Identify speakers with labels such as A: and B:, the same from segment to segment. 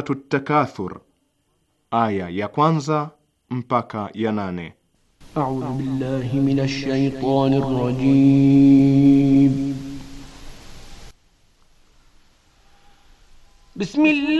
A: Suratu Takathur aya ya kwanza mpaka ya nane.
B: A'udhu billahi minash shaitanir rajim.
C: Bismillah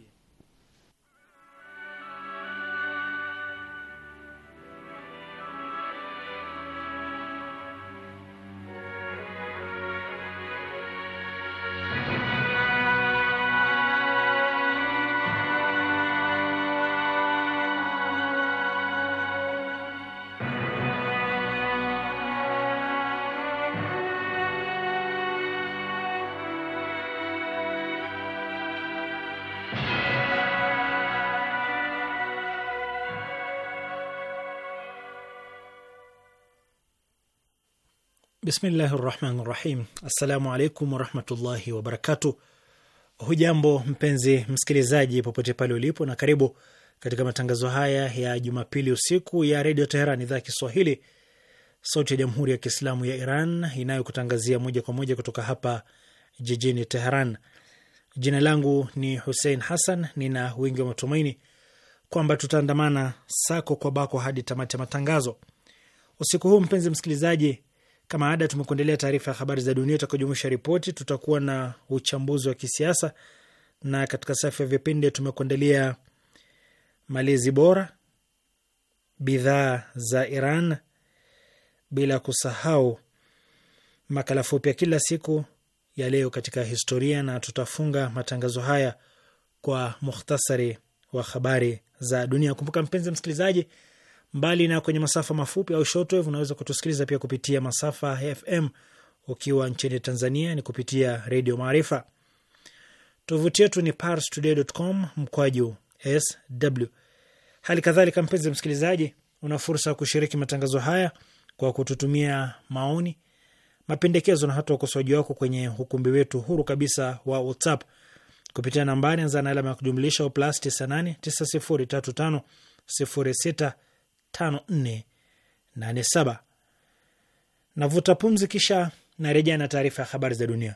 D: Bismillahi rahmani rahim. Assalamu alaikum warahmatullahi wabarakatu. Hujambo mpenzi msikilizaji, popote pale ulipo, na karibu katika matangazo haya ya Jumapili usiku ya redio Teheran, idhaa ya Kiswahili, sauti ya jamhuri ya Kiislamu ya Iran inayokutangazia moja kwa moja kutoka hapa jijini Teheran. Jina langu ni Husein Hassan. Nina wingi wa matumaini kwamba tutaandamana sako kwa bako hadi tamati ya matangazo usiku huu. Mpenzi msikilizaji kama ada, tumekuendelea taarifa ya habari za dunia itakujumuisha ripoti, tutakuwa na uchambuzi wa kisiasa, na katika safu ya vipindi tumekuendelea malezi bora, bidhaa za Iran, bila kusahau makala fupi ya kila siku ya leo katika historia, na tutafunga matangazo haya kwa mukhtasari wa habari za dunia. Kumbuka mpenzi msikilizaji Mbali na kwenye masafa mafupi au shortwave, unaweza kutusikiliza pia kupitia masafa FM ukiwa nchini Tanzania ni kupitia Redio Maarifa. Tovuti yetu ni parstoday.com mkwaju sw. Hali kadhalika, mpenzi msikilizaji, una fursa ya kushiriki matangazo haya kwa kututumia maoni, mapendekezo na hata ukosoaji wako kwenye ukumbi wetu huru kabisa wa WhatsApp kupitia nambari anza na alama ya kujumlisha plus 98 903506 5487. Navuta pumzi, kisha narejea na taarifa ya habari za dunia.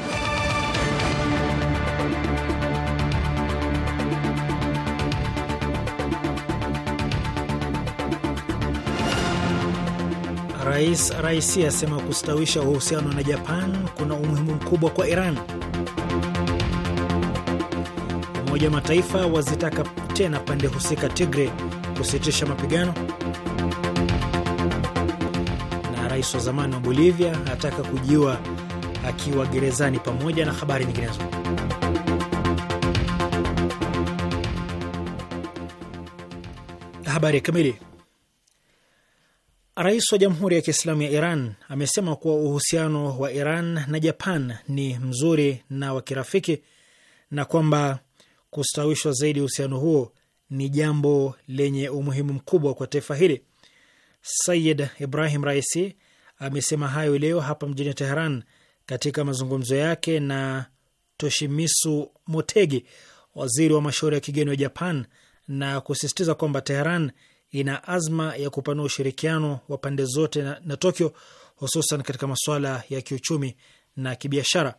D: Rais Raisi asema kustawisha uhusiano na Japan kuna umuhimu mkubwa kwa Iran. Umoja wa Mataifa wazitaka tena pande husika Tigre kusitisha mapigano, na rais wa zamani wa Bolivia ataka kujiwa akiwa gerezani, pamoja na habari nyinginezo. Habari kamili Rais wa Jamhuri ya Kiislamu ya Iran amesema kuwa uhusiano wa Iran na Japan ni mzuri na wa kirafiki na kwamba kustawishwa zaidi uhusiano huo ni jambo lenye umuhimu mkubwa kwa taifa hili. Sayid Ibrahim Raisi amesema hayo leo hapa mjini Teheran katika mazungumzo yake na Toshimisu Motegi, waziri wa mashauri ya kigeni wa Japan, na kusisitiza kwamba Teheran ina azma ya kupanua ushirikiano wa pande zote na, na Tokyo hususan katika masuala ya kiuchumi na kibiashara.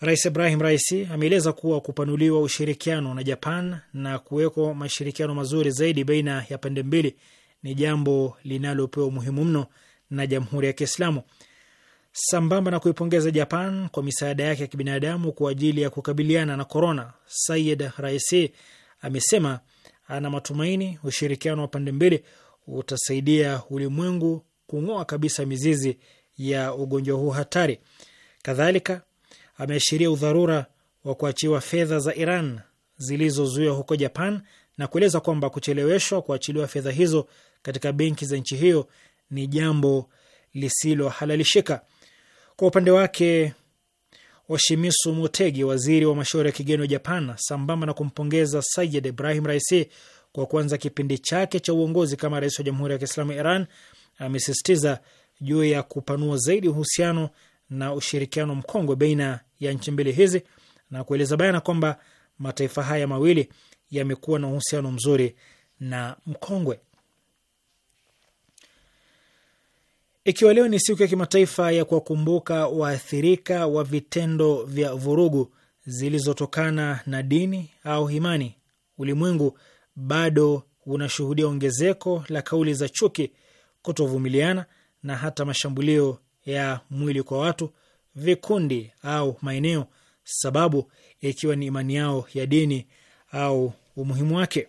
D: Rais Ibrahim Raisi ameeleza kuwa kupanuliwa ushirikiano na Japan na kuwekwa mashirikiano mazuri zaidi baina ya pande mbili ni jambo linalopewa umuhimu mno na Jamhuri ya Kiislamu, sambamba na kuipongeza Japan kwa misaada yake ya kibinadamu kwa ajili ya kukabiliana na korona. Sayid Raisi amesema ana matumaini ushirikiano wa pande mbili utasaidia ulimwengu kung'oa kabisa mizizi ya ugonjwa huu hatari. Kadhalika ameashiria udharura wa kuachiwa fedha za Iran zilizozuiwa huko Japan na kueleza kwamba kucheleweshwa kuachiliwa fedha hizo katika benki za nchi hiyo ni jambo lisilohalalishika. Kwa upande wake washimisu Motegi, waziri wa mashauri ya kigeni wa Japan, sambamba na kumpongeza Sayid Ibrahim Raisi kwa kuanza kipindi chake cha uongozi kama rais wa Jamhuri ya Kiislamu ya Iran, amesisitiza juu ya kupanua zaidi uhusiano na ushirikiano mkongwe baina ya nchi mbili hizi na kueleza bayana kwamba mataifa haya mawili yamekuwa na uhusiano mzuri na mkongwe. Ikiwa leo ni siku ya kimataifa ya kuwakumbuka waathirika wa vitendo vya vurugu zilizotokana na dini au imani, ulimwengu bado unashuhudia ongezeko la kauli za chuki, kutovumiliana na hata mashambulio ya mwili kwa watu, vikundi au maeneo, sababu ikiwa ni imani yao ya dini au umuhimu wake.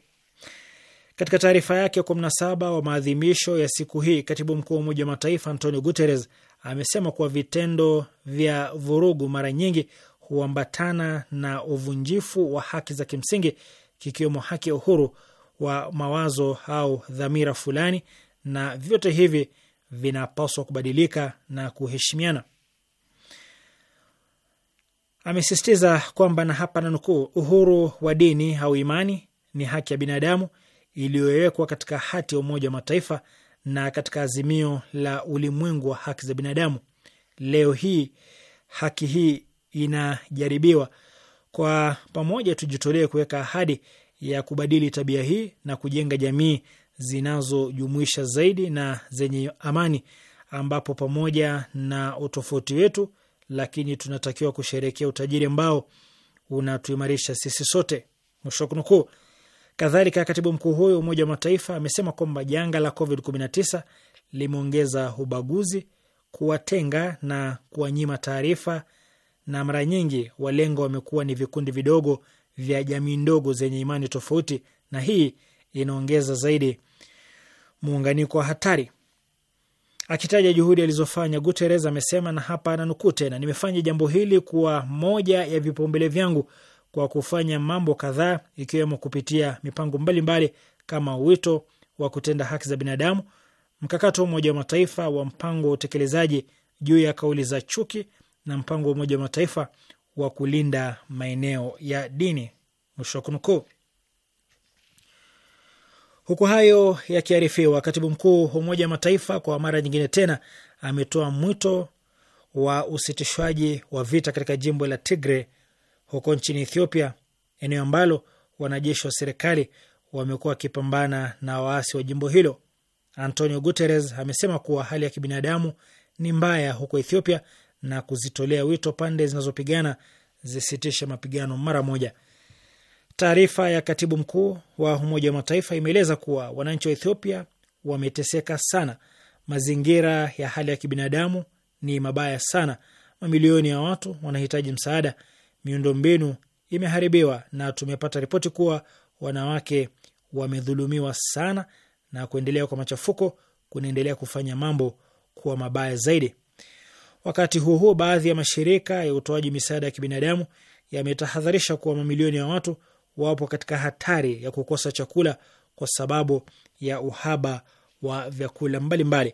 D: Katika taarifa yake kwa mnasaba wa maadhimisho ya siku hii, katibu mkuu wa Umoja wa Mataifa Antonio Guterres amesema kuwa vitendo vya vurugu mara nyingi huambatana na uvunjifu wa haki za kimsingi, kikiwemo haki ya uhuru wa mawazo au dhamira fulani, na vyote hivi vinapaswa kubadilika na kuheshimiana. Amesisitiza kwamba na hapa nanukuu, uhuru wa dini au imani ni haki ya binadamu iliyowekwa katika hati ya Umoja wa Mataifa na katika azimio la ulimwengu wa haki za binadamu. Leo hii haki hii inajaribiwa. Kwa pamoja, tujitolee kuweka ahadi ya kubadili tabia hii na kujenga jamii zinazojumuisha zaidi na zenye amani, ambapo pamoja na utofauti wetu, lakini tunatakiwa kusherekea utajiri ambao unatuimarisha sisi sote. Mwisho wa kunukuu. Kadhalika, katibu mkuu huyo wa Umoja wa Mataifa amesema kwamba janga la COVID-19 limeongeza ubaguzi, kuwatenga na kuwanyima taarifa, na mara nyingi walengo wamekuwa ni vikundi vidogo vya jamii ndogo zenye imani tofauti, na hii inaongeza zaidi muunganiko wa hatari. Akitaja juhudi alizofanya, Guterres amesema, na hapa nanukuu tena, nimefanya jambo hili kuwa moja ya vipaumbele vyangu kwa kufanya mambo kadhaa ikiwemo kupitia mipango mbalimbali mbali kama wito wa kutenda haki za binadamu, mkakati wa Umoja wa Mataifa wa mpango wa utekelezaji juu ya kauli za chuki na mpango wa Umoja wa Mataifa wa kulinda maeneo ya dini. Mwisho wa kunukuu. Huku hayo yakiarifiwa, katibu mkuu wa Umoja wa Mataifa kwa mara nyingine tena ametoa mwito wa usitishwaji wa vita katika jimbo la Tigre huko nchini Ethiopia, eneo ambalo wanajeshi wa serikali wamekuwa wakipambana na waasi wa jimbo hilo. Antonio Guterres amesema kuwa hali ya kibinadamu ni mbaya huko Ethiopia na kuzitolea wito pande zinazopigana zisitishe mapigano mara moja. Taarifa ya katibu mkuu wa Umoja wa Mataifa imeeleza kuwa wananchi wa Ethiopia wameteseka sana, mazingira ya hali ya kibinadamu ni mabaya sana, mamilioni ya watu wanahitaji msaada miundombinu imeharibiwa na tumepata ripoti kuwa wanawake wamedhulumiwa sana na kuendelea kwa machafuko kunaendelea kufanya mambo kuwa mabaya zaidi. Wakati huo huo, baadhi ya mashirika ya utoaji misaada ya kibinadamu yametahadharisha kuwa mamilioni ya watu wapo katika hatari ya kukosa chakula kwa sababu ya uhaba wa vyakula mbalimbali mbali.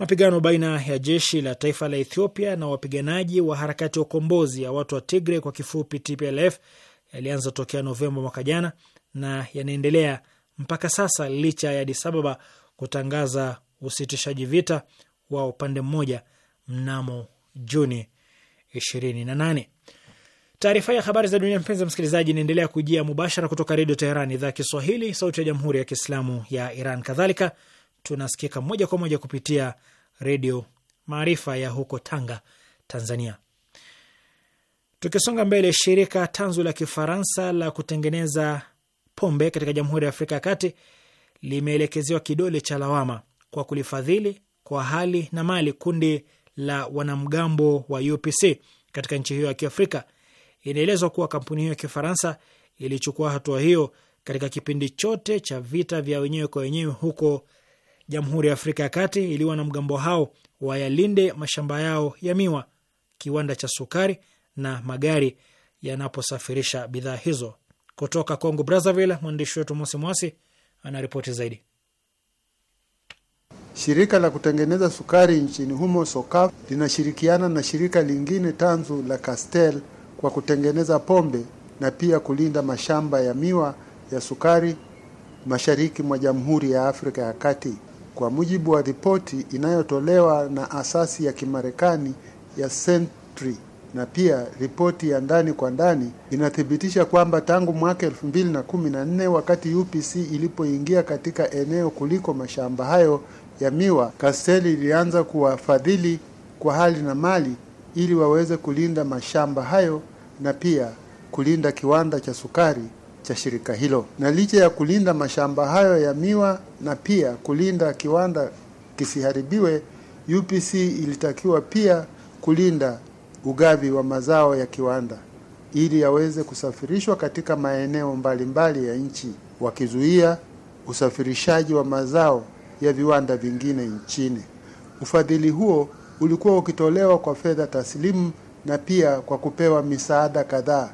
D: Mapigano baina ya jeshi la taifa la Ethiopia na wapiganaji wa harakati ya ukombozi ya watu wa Tigre kwa kifupi TPLF yalianza tokea Novemba mwaka jana na yanaendelea mpaka sasa licha ya Addis Ababa kutangaza usitishaji vita wa upande mmoja mnamo Juni 28. Taarifa ya habari za dunia, mpenzi msikilizaji, inaendelea kujia mubashara kutoka Redio Teherani, idhaa ya Kiswahili, sauti ya jamhuri ya kiislamu ya Iran. Kadhalika tunasikika moja kwa moja kupitia Redio Maarifa ya huko Tanga, Tanzania. Tukisonga mbele, shirika tanzu la Kifaransa la kutengeneza pombe katika Jamhuri ya Afrika ya Kati limeelekezewa kidole cha lawama kwa kulifadhili kwa hali na mali kundi la wanamgambo wa UPC katika nchi hiyo ya Kiafrika. Inaelezwa kuwa kampuni hiyo ya Kifaransa ilichukua hatua hiyo katika kipindi chote cha vita vya wenyewe kwa wenyewe huko Jamhuri ya Afrika ya Kati ili wanamgambo hao wayalinde mashamba yao ya miwa, kiwanda cha sukari na magari yanaposafirisha bidhaa hizo. Kutoka Congo Brazzaville, mwandishi wetu Mosi Mwasi anaripoti zaidi.
E: Shirika la kutengeneza sukari nchini humo SOCAF linashirikiana na shirika lingine tanzu la Castel kwa kutengeneza pombe na pia kulinda mashamba ya miwa ya sukari mashariki mwa Jamhuri ya Afrika ya Kati. Kwa mujibu wa ripoti inayotolewa na asasi ya Kimarekani ya Sentry na pia ripoti ya ndani kwa ndani inathibitisha kwamba tangu mwaka 2014 wakati UPC ilipoingia katika eneo kuliko mashamba hayo ya miwa, kasteli ilianza kuwafadhili kwa hali na mali ili waweze kulinda mashamba hayo na pia kulinda kiwanda cha sukari cha shirika hilo. Na licha ya kulinda mashamba hayo ya miwa na pia kulinda kiwanda kisiharibiwe, UPC ilitakiwa pia kulinda ugavi wa mazao ya kiwanda ili yaweze kusafirishwa katika maeneo mbalimbali mbali ya nchi, wakizuia usafirishaji wa mazao ya viwanda vingine nchini. Ufadhili huo ulikuwa ukitolewa kwa fedha taslimu na pia kwa kupewa misaada kadhaa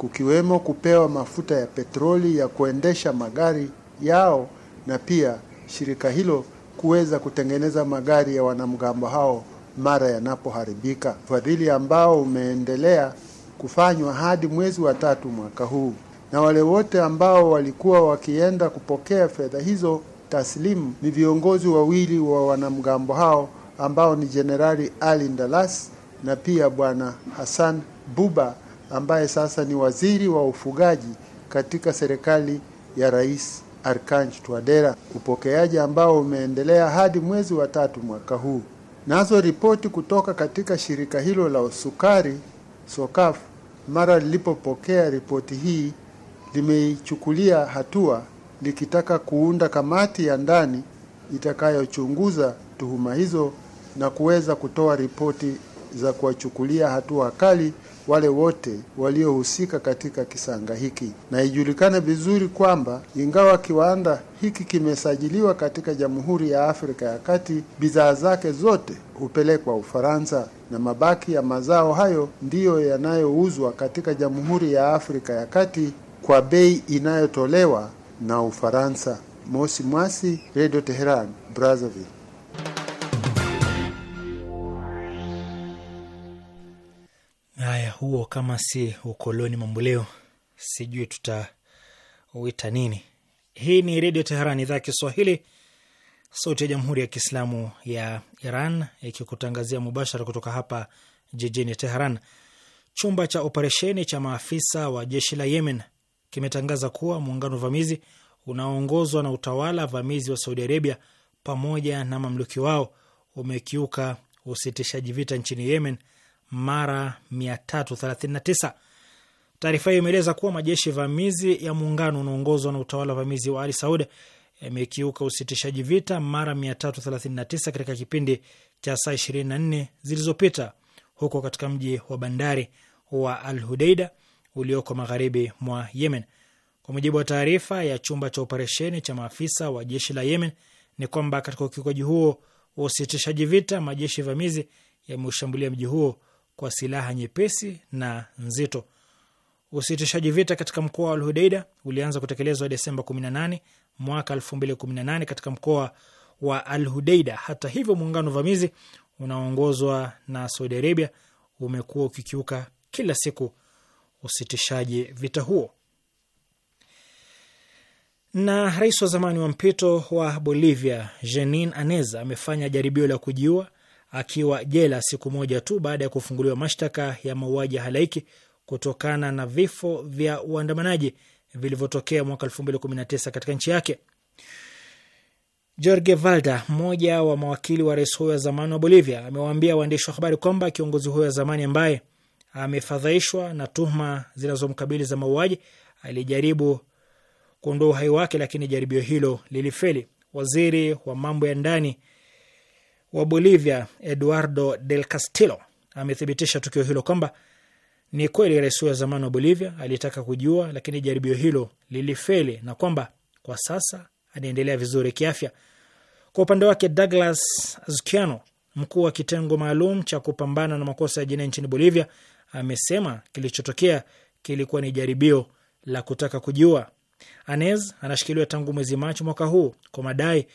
E: kukiwemo kupewa mafuta ya petroli ya kuendesha magari yao na pia shirika hilo kuweza kutengeneza magari ya wanamgambo hao mara yanapoharibika, ufadhili ambao umeendelea kufanywa hadi mwezi wa tatu mwaka huu. Na wale wote ambao walikuwa wakienda kupokea fedha hizo taslimu ni viongozi wawili wa wanamgambo hao ambao ni Jenerali Ali Ndalas na pia Bwana Hassan Buba ambaye sasa ni waziri wa ufugaji katika serikali ya Rais arkanj Twadera, upokeaji ambao umeendelea hadi mwezi wa tatu mwaka huu. Nazo ripoti kutoka katika shirika hilo la sukari sokaf mara lilipopokea ripoti hii, limeichukulia hatua likitaka kuunda kamati ya ndani itakayochunguza tuhuma hizo na kuweza kutoa ripoti za kuwachukulia hatua kali wale wote waliohusika katika kisanga hiki, na ijulikane vizuri kwamba ingawa kiwanda hiki kimesajiliwa katika Jamhuri ya Afrika ya Kati, bidhaa zake zote hupelekwa Ufaransa na mabaki ya mazao hayo ndiyo yanayouzwa katika Jamhuri ya Afrika ya Kati kwa bei inayotolewa na Ufaransa. Mosi Mwasi, Radio Teheran, Brazzaville.
D: huo kama si ukoloni mamboleo, sijui tutauita nini. Hii ni Redio Teheran, idhaa ya Kiswahili, sauti ya Jamhuri ya Kiislamu ya Iran, ikikutangazia mubashara kutoka hapa jijini Teheran. Chumba cha operesheni cha maafisa wa jeshi la Yemen kimetangaza kuwa muungano vamizi unaoongozwa na utawala vamizi wa Saudi Arabia pamoja na mamluki wao umekiuka usitishaji vita nchini Yemen mara 339. Taarifa hiyo imeeleza kuwa majeshi vamizi ya muungano unaongozwa na utawala vamizi wa Ali Saud yamekiuka usitishaji vita mara 339 katika kipindi cha saa 24 zilizopita huko katika mji wa bandari wa Al Hudeida ulioko magharibi mwa Yemen. Kwa mujibu wa taarifa ya chumba cha operesheni cha maafisa wa jeshi la Yemen ni kwamba katika ukiukaji huo wa usitishaji vita majeshi vamizi yameushambulia mji huo kwa silaha nyepesi na nzito. Usitishaji vita katika mkoa wa Alhudaida ulianza kutekelezwa Desemba 18 mwaka 2018 katika mkoa wa Alhudeida. Hata hivyo, muungano vamizi unaoongozwa na Saudi Arabia umekuwa ukikiuka kila siku usitishaji vita huo. Na rais wa zamani wa mpito wa Bolivia Jeanine Anez amefanya jaribio la kujiua akiwa jela siku moja tu baada ya kufunguliwa mashtaka ya mauaji ya halaiki kutokana na vifo vya uandamanaji vilivyotokea mwaka 2019 katika nchi yake. Jorge Valda, mmoja wa mawakili wa rais huyo wa zamani wa Bolivia, amewaambia waandishi wa habari kwamba kiongozi huyo wa zamani ambaye amefadhaishwa na tuhuma zinazomkabili za mauaji alijaribu kuondoa uhai wake, lakini jaribio hilo lilifeli. Waziri wa mambo ya ndani wa Bolivia Eduardo Del Castillo amethibitisha tukio hilo kwamba ni kweli rais huyo wa zamani wa Bolivia alitaka kujua, lakini jaribio hilo lilifeli na kwamba kwa sasa anaendelea vizuri kiafya. Kwa upande wake, Douglas Azquiano, mkuu wa kitengo maalum cha kupambana na makosa ya jinai nchini Bolivia, amesema kilichotokea kilikuwa ni jaribio la kutaka kujiua. Anez anashikiliwa tangu mwezi Machi mwaka huu kwa madai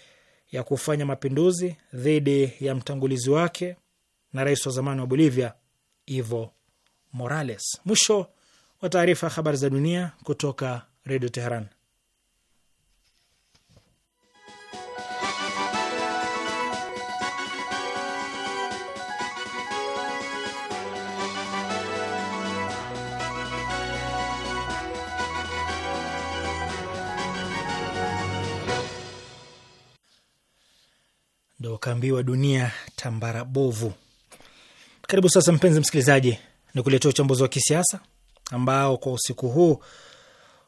D: ya kufanya mapinduzi dhidi ya mtangulizi wake na rais wa zamani wa Bolivia Evo Morales. Mwisho wa taarifa ya habari za dunia kutoka Redio Teheran. Ndo kaambiwa dunia tambara bovu. Karibu sasa, mpenzi msikilizaji, ni kuletea uchambuzi wa kisiasa ambao kwa usiku huu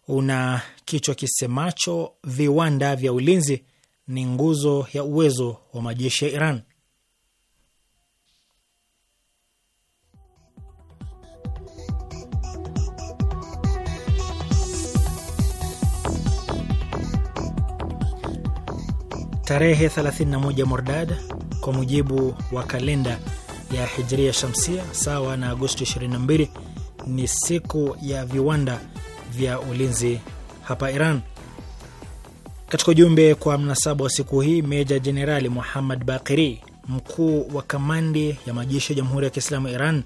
D: una kichwa kisemacho viwanda vya ulinzi ni nguzo ya uwezo wa majeshi ya Iran. tarehe 31 Mordad kwa mujibu wa kalenda ya Hijria Shamsia, sawa na Agosti 22, ni siku ya viwanda vya ulinzi hapa Iran. Katika ujumbe kwa mnasaba wa siku hii, Meja Jenerali Muhammad Bakiri, mkuu wa kamandi ya majeshi ya Jamhuri ya Kiislamu Iran,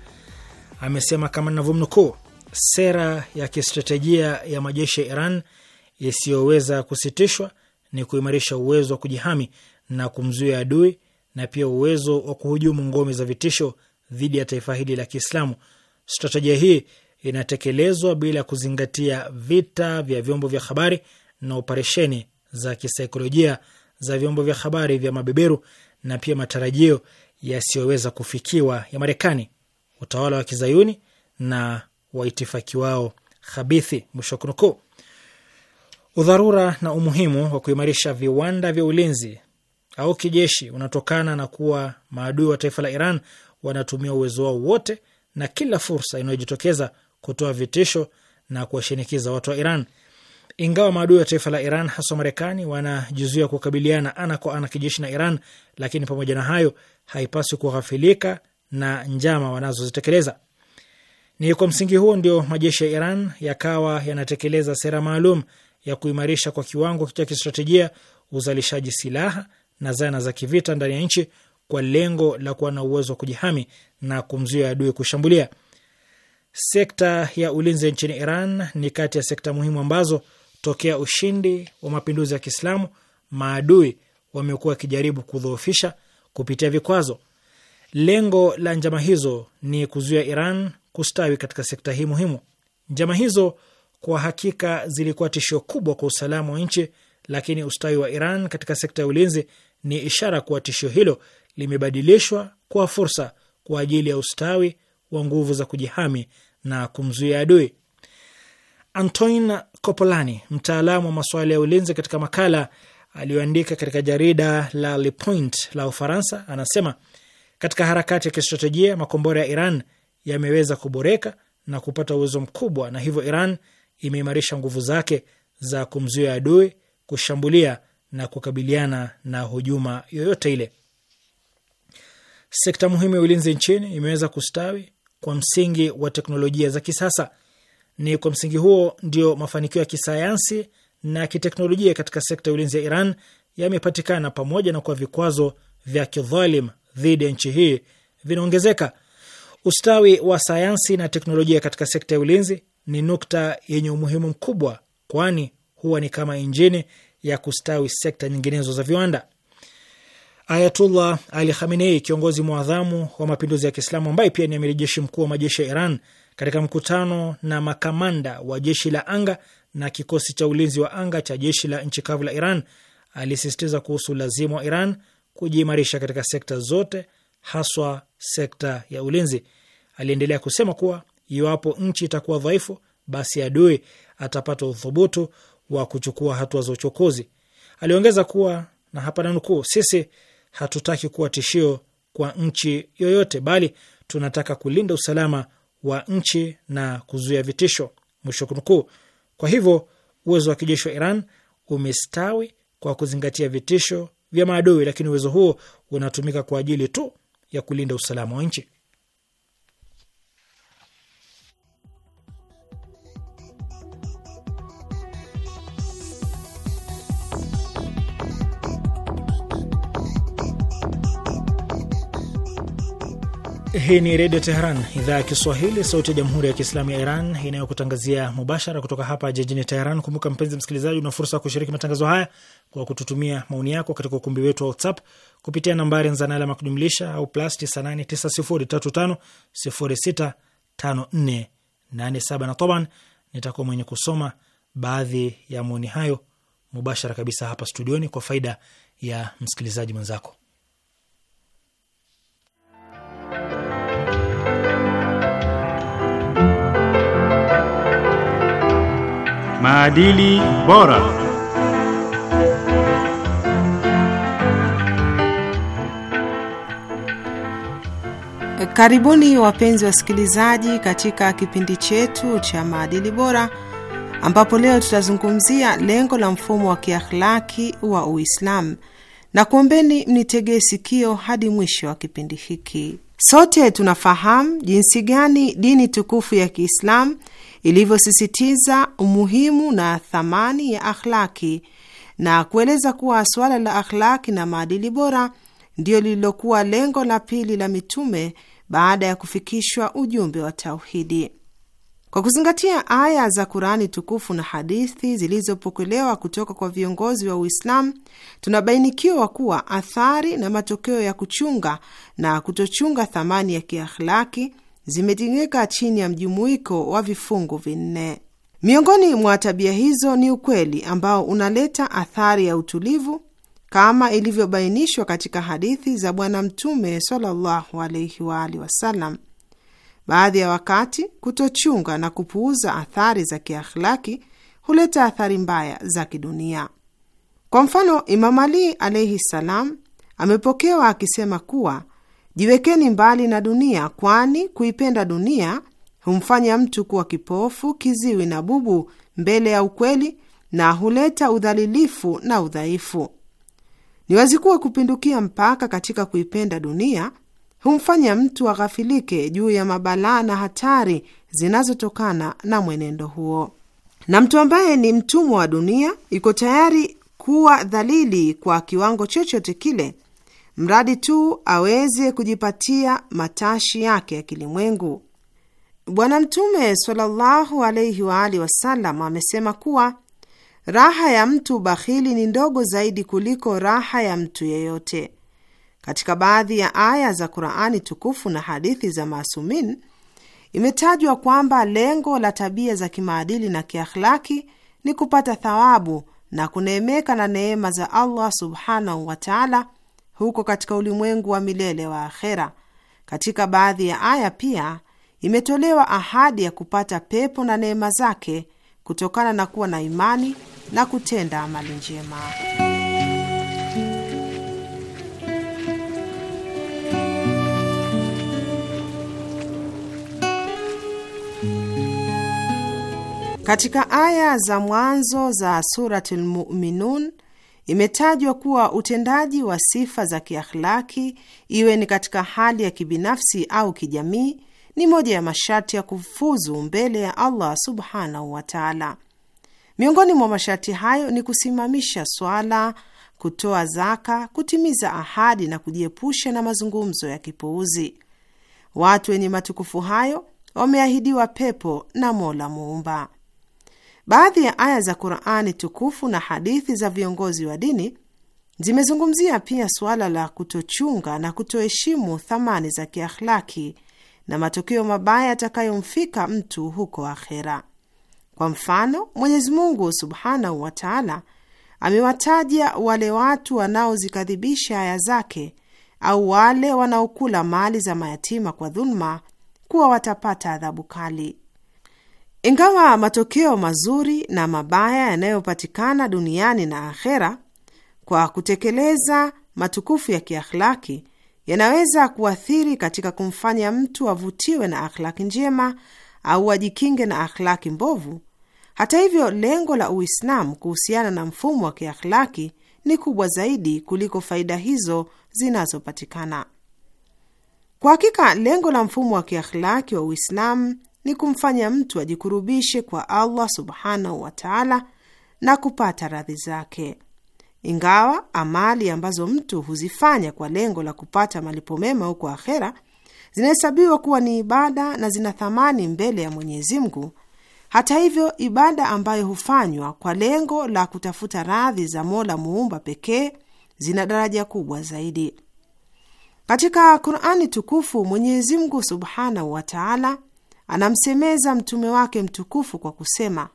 D: amesema kama ninavyomnukuu, sera ya kistratejia ya majeshi ya Iran isiyoweza kusitishwa ni kuimarisha uwezo wa kujihami na kumzuia adui na pia uwezo wa kuhujumu ngome za vitisho dhidi ya taifa hili la Kiislamu. Stratejia hii inatekelezwa bila kuzingatia vita vya vyombo vya habari na operesheni za kisaikolojia za vyombo vya habari vya mabeberu na pia matarajio yasiyoweza kufikiwa ya Marekani, utawala wa kizayuni na waitifaki wao habithi, mwisho kunukuu. Udharura na umuhimu wa kuimarisha viwanda vya ulinzi au kijeshi unatokana na kuwa maadui wa taifa la Iran wanatumia uwezo wao wote na kila fursa inayojitokeza kutoa vitisho na kuwashinikiza watu wa Iran. Ingawa maadui wa taifa la Iran hasa Marekani wanajizuia kukabiliana ana kwa ana kijeshi na Iran, lakini pamoja na hayo haipaswi kughafilika na njama wanazozitekeleza. Ni kwa msingi huo ndio majeshi ya Iran yakawa yanatekeleza sera maalum ya kuimarisha kwa kiwango cha kistratejia uzalishaji silaha na zana za kivita ndani ya nchi kwa lengo la kuwa na uwezo wa kujihami na kumzuia adui kushambulia. Sekta ya ulinzi nchini Iran ni kati ya sekta muhimu ambazo tokea ushindi wa mapinduzi ya Kiislamu maadui wamekuwa wakijaribu kudhoofisha kupitia vikwazo. Lengo la njama hizo ni kuzuia Iran kustawi katika sekta hii muhimu. Njama hizo kwa hakika zilikuwa tishio kubwa kwa usalama wa nchi, lakini ustawi wa Iran katika sekta ya ulinzi ni ishara kuwa tishio hilo limebadilishwa kwa fursa kwa ajili ya ustawi wa nguvu za kujihami na kumzuia adui. Antoine Copolani, mtaalamu wa masuala ya ulinzi, katika makala aliyoandika katika jarida la Le Point la Ufaransa, anasema katika harakati ya kistratejia makombora ya Iran yameweza kuboreka na kupata uwezo mkubwa, na hivyo Iran imeimarisha nguvu zake za kumzuia adui kushambulia na kukabiliana na hujuma yoyote ile. Sekta muhimu ya ulinzi nchini imeweza kustawi kwa msingi wa teknolojia za kisasa. Ni kwa msingi huo ndio mafanikio ya kisayansi na kiteknolojia katika sekta ya ulinzi ya Iran yamepatikana, pamoja na kwa vikwazo vya kidhalim dhidi ya nchi hii vinaongezeka. Ustawi wa sayansi na teknolojia katika sekta ya ulinzi ni nukta yenye umuhimu mkubwa, kwani huwa ni kama injini ya kustawi sekta nyinginezo za viwanda. Ayatullah Ali Khamenei, kiongozi mwadhamu wa mapinduzi ya Kiislamu ambaye pia ni amiri jeshi mkuu wa majeshi ya Iran, katika mkutano na makamanda wa jeshi la anga na kikosi cha ulinzi wa anga cha jeshi la nchi kavu la Iran alisisitiza kuhusu lazima wa Iran kujiimarisha katika sekta zote, haswa sekta ya ulinzi. Aliendelea kusema kuwa Iwapo nchi itakuwa dhaifu, basi adui atapata uthubutu wa kuchukua hatua za uchokozi. Aliongeza kuwa na hapa nanukuu, sisi hatutaki kuwa tishio kwa nchi yoyote, bali tunataka kulinda usalama wa nchi na kuzuia vitisho, mwisho kunukuu. Kwa hivyo uwezo wa kijeshi wa Iran umestawi kwa kuzingatia vitisho vya maadui, lakini uwezo huo unatumika kwa ajili tu ya kulinda usalama wa nchi. Hii ni Redio Teheran, idhaa ya Kiswahili, sauti ya Jamhuri ya Kiislamu ya Iran inayokutangazia mubashara kutoka hapa jijini Teheran. Kumbuka mpenzi msikilizaji, una fursa ya kushiriki matangazo haya kwa kututumia maoni yako katika ukumbi wetu wa WhatsApp kupitia nambari nzana alama kujumlisha au plus 989035065487 na toban. Nitakuwa mwenye kusoma baadhi ya maoni hayo mubashara kabisa hapa studioni kwa faida ya msikilizaji mwenzako.
A: Maadili bora.
F: Karibuni wapenzi wasikilizaji, katika kipindi chetu cha maadili bora, ambapo leo tutazungumzia lengo la mfumo wa kiakhlaki wa Uislamu na kuombeni mnitegee sikio hadi mwisho wa kipindi hiki. Sote tunafahamu jinsi gani dini tukufu ya Kiislamu ilivyosisitiza umuhimu na thamani ya akhlaki na kueleza kuwa suala la akhlaki na maadili bora ndiyo lililokuwa lengo la pili la mitume baada ya kufikishwa ujumbe wa tauhidi. Kwa kuzingatia aya za Kurani tukufu na hadithi zilizopokelewa kutoka kwa viongozi wa Uislamu, tunabainikiwa kuwa athari na matokeo ya kuchunga na kutochunga thamani ya kiakhlaki zimetingika chini ya mjumuiko wa vifungu vinne. Miongoni mwa tabia hizo ni ukweli ambao unaleta athari ya utulivu kama ilivyobainishwa katika hadithi za Bwana Mtume sallallahu alaihi wa alihi wasallam. Baadhi ya wakati kutochunga na kupuuza athari za kiakhlaki huleta athari mbaya za kidunia. Kwa mfano, Imam Ali alaihi salam amepokewa akisema kuwa Jiwekeni mbali na dunia, kwani kuipenda dunia humfanya mtu kuwa kipofu, kiziwi na bubu mbele ya ukweli na huleta udhalilifu na udhaifu. Ni wazi kuwa kupindukia mpaka katika kuipenda dunia humfanya mtu aghafilike juu ya mabalaa na hatari zinazotokana na mwenendo huo. Na mtu ambaye ni mtumwa wa dunia iko tayari kuwa dhalili kwa kiwango chochote kile mradi tu aweze kujipatia matashi yake ya kilimwengu. Bwana Mtume sallallahu alaihi wa alihi wasallam amesema kuwa raha ya mtu bakhili ni ndogo zaidi kuliko raha ya mtu yeyote. Katika baadhi ya aya za Qurani tukufu na hadithi za Maasumin imetajwa kwamba lengo la tabia za kimaadili na kiakhlaki ni kupata thawabu na kuneemeka na neema za Allah subhanahu wa taala huko katika ulimwengu wa milele wa akhera. Katika baadhi ya aya pia imetolewa ahadi ya kupata pepo na neema zake kutokana na kuwa na imani na kutenda amali njema. Katika aya za mwanzo za Suratul Muminun Imetajwa kuwa utendaji wa sifa za kiakhlaki, iwe ni katika hali ya kibinafsi au kijamii, ni moja ya masharti ya kufuzu mbele ya Allah subhanahu wa taala. Miongoni mwa masharti hayo ni kusimamisha swala, kutoa zaka, kutimiza ahadi na kujiepusha na mazungumzo ya kipuuzi. Watu wenye matukufu hayo wameahidiwa pepo na Mola Muumba. Baadhi ya aya za Qurani tukufu na hadithi za viongozi wa dini zimezungumzia pia suala la kutochunga na kutoheshimu thamani za kiakhlaki na matokeo mabaya yatakayomfika mtu huko akhera. Kwa mfano, Mwenyezi Mungu subhanahu wa taala amewataja wale watu wanaozikadhibisha aya zake au wale wanaokula mali za mayatima kwa dhuluma kuwa watapata adhabu kali. Ingawa matokeo mazuri na mabaya yanayopatikana duniani na akhera kwa kutekeleza matukufu ya kiakhlaki yanaweza kuathiri katika kumfanya mtu avutiwe na akhlaki njema au ajikinge na akhlaki mbovu. Hata hivyo, lengo la Uislamu kuhusiana na mfumo wa kiakhlaki ni kubwa zaidi kuliko faida hizo zinazopatikana. Kwa hakika, lengo la mfumo wa kiakhlaki wa Uislamu ni kumfanya mtu ajikurubishe kwa Allah subhanahu wa taala na kupata radhi zake. Ingawa amali ambazo mtu huzifanya kwa lengo la kupata malipo mema huko akhera zinahesabiwa kuwa ni ibada na zina thamani mbele ya Mwenyezi Mungu. Hata hivyo, ibada ambayo hufanywa kwa lengo la kutafuta radhi za Mola muumba pekee zina daraja kubwa zaidi. Katika Qur'ani tukufu Mwenyezi Mungu subhanahu wa taala anamsemeza mtume wake mtukufu kwa kusema,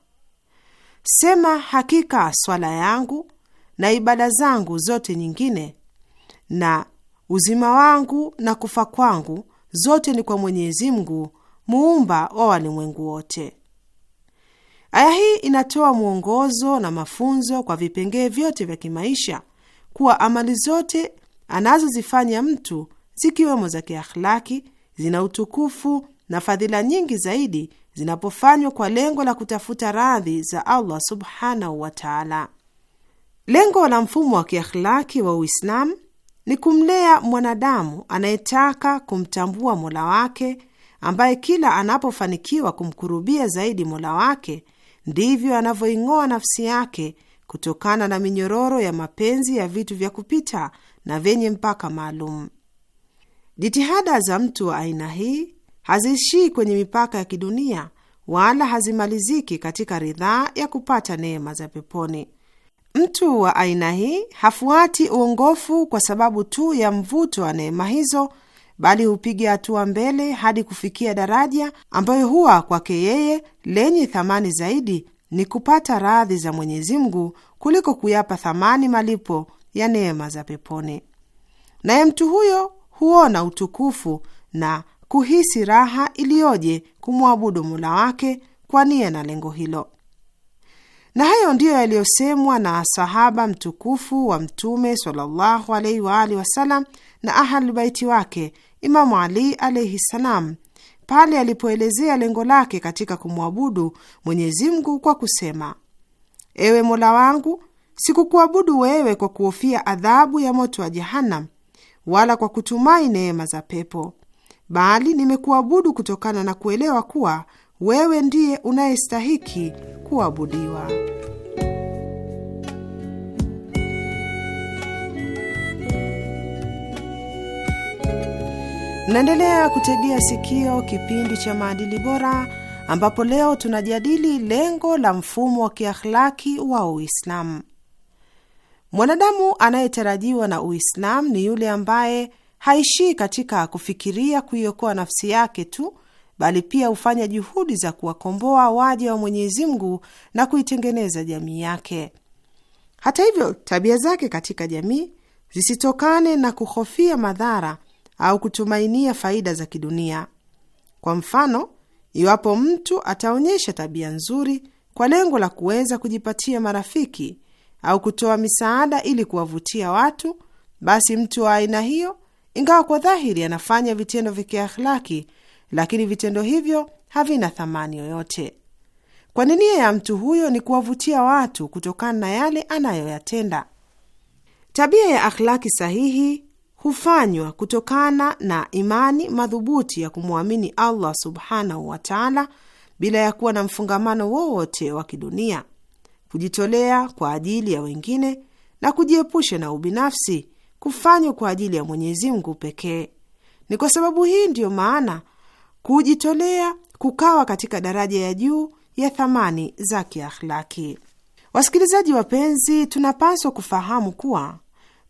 F: sema hakika swala yangu na ibada zangu zote nyingine na uzima wangu na kufa kwangu zote ni kwa Mwenyezi Mungu muumba wa walimwengu wote. Aya hii inatoa mwongozo na mafunzo kwa vipengee vyote vya kimaisha kuwa amali zote anazozifanya mtu zikiwemo za kiakhlaki zina utukufu na fadhila nyingi zaidi zinapofanywa kwa lengo la kutafuta radhi za Allah subhanahu wa taala. Lengo la mfumo wa kiakhlaki wa Uislamu ni kumlea mwanadamu anayetaka kumtambua mola wake, ambaye kila anapofanikiwa kumkurubia zaidi mola wake ndivyo anavyoing'oa nafsi yake kutokana na minyororo ya mapenzi ya vitu vya kupita na vyenye mpaka maalum. Jitihada za mtu wa aina hii haziishii kwenye mipaka ya kidunia wala hazimaliziki katika ridhaa ya kupata neema za peponi. Mtu wa aina hii hafuati uongofu kwa sababu tu ya mvuto wa neema hizo, bali hupiga hatua mbele hadi kufikia daraja ambayo huwa kwake yeye lenye thamani zaidi ni kupata radhi za Mwenyezi Mungu kuliko kuyapa thamani malipo ya neema za peponi. Naye mtu huyo huona utukufu na kuhisi raha iliyoje kumwabudu mula wake kwa nia na lengo hilo. Na hayo ndiyo yaliyosemwa na sahaba mtukufu wa Mtume sallallahu alaihi wa alihi wasallam na ahalbaiti wake Imamu Ali alaihi salam pale alipoelezea lengo lake katika kumwabudu Mwenyezi Mungu kwa kusema: ewe Mola wangu, sikukuabudu wewe kwa kuhofia adhabu ya moto wa jehanam wala kwa kutumai neema za pepo bali nimekuabudu kutokana na kuelewa kuwa wewe ndiye unayestahiki kuabudiwa. Naendelea kutegea sikio kipindi cha maadili bora, ambapo leo tunajadili lengo la mfumo wa kiakhlaki wa Uislamu. Mwanadamu anayetarajiwa na Uislamu ni yule ambaye haishii katika kufikiria kuiokoa nafsi yake tu, bali pia hufanya juhudi za kuwakomboa waja wa Mwenyezi Mungu na kuitengeneza jamii yake. Hata hivyo, tabia zake katika jamii zisitokane na kuhofia madhara au kutumainia faida za kidunia. Kwa mfano, iwapo mtu ataonyesha tabia nzuri kwa lengo la kuweza kujipatia marafiki au kutoa misaada ili kuwavutia watu, basi mtu wa aina hiyo ingawa kwa dhahiri anafanya vitendo vya kiakhlaki, lakini vitendo hivyo havina thamani yoyote, kwani nia ya mtu huyo ni kuwavutia watu kutokana na yale anayoyatenda. Tabia ya akhlaki sahihi hufanywa kutokana na imani madhubuti ya kumwamini Allah subhanahu wa taala, bila ya kuwa na mfungamano wowote wa kidunia, kujitolea kwa ajili ya wengine na kujiepusha na ubinafsi kufanywa kwa ajili ya Mwenyezi Mungu pekee. Ni kwa sababu hii ndiyo maana kujitolea kukawa katika daraja ya juu ya thamani za kiakhlaki. Wasikilizaji wapenzi, tunapaswa kufahamu kuwa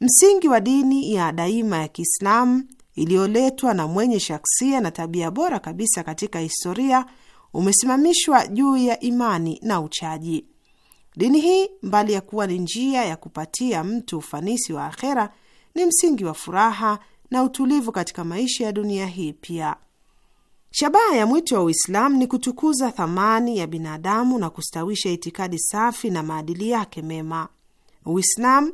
F: msingi wa dini ya daima ya Kiislamu iliyoletwa na mwenye shaksia na tabia bora kabisa katika historia umesimamishwa juu ya imani na uchaji. Dini hii mbali ya kuwa ni njia ya kupatia mtu ufanisi wa akhera, ni msingi wa furaha na utulivu katika maisha ya dunia hii pia. Shabaha ya mwito wa Uislamu ni kutukuza thamani ya binadamu na kustawisha itikadi safi na maadili yake mema. Uislamu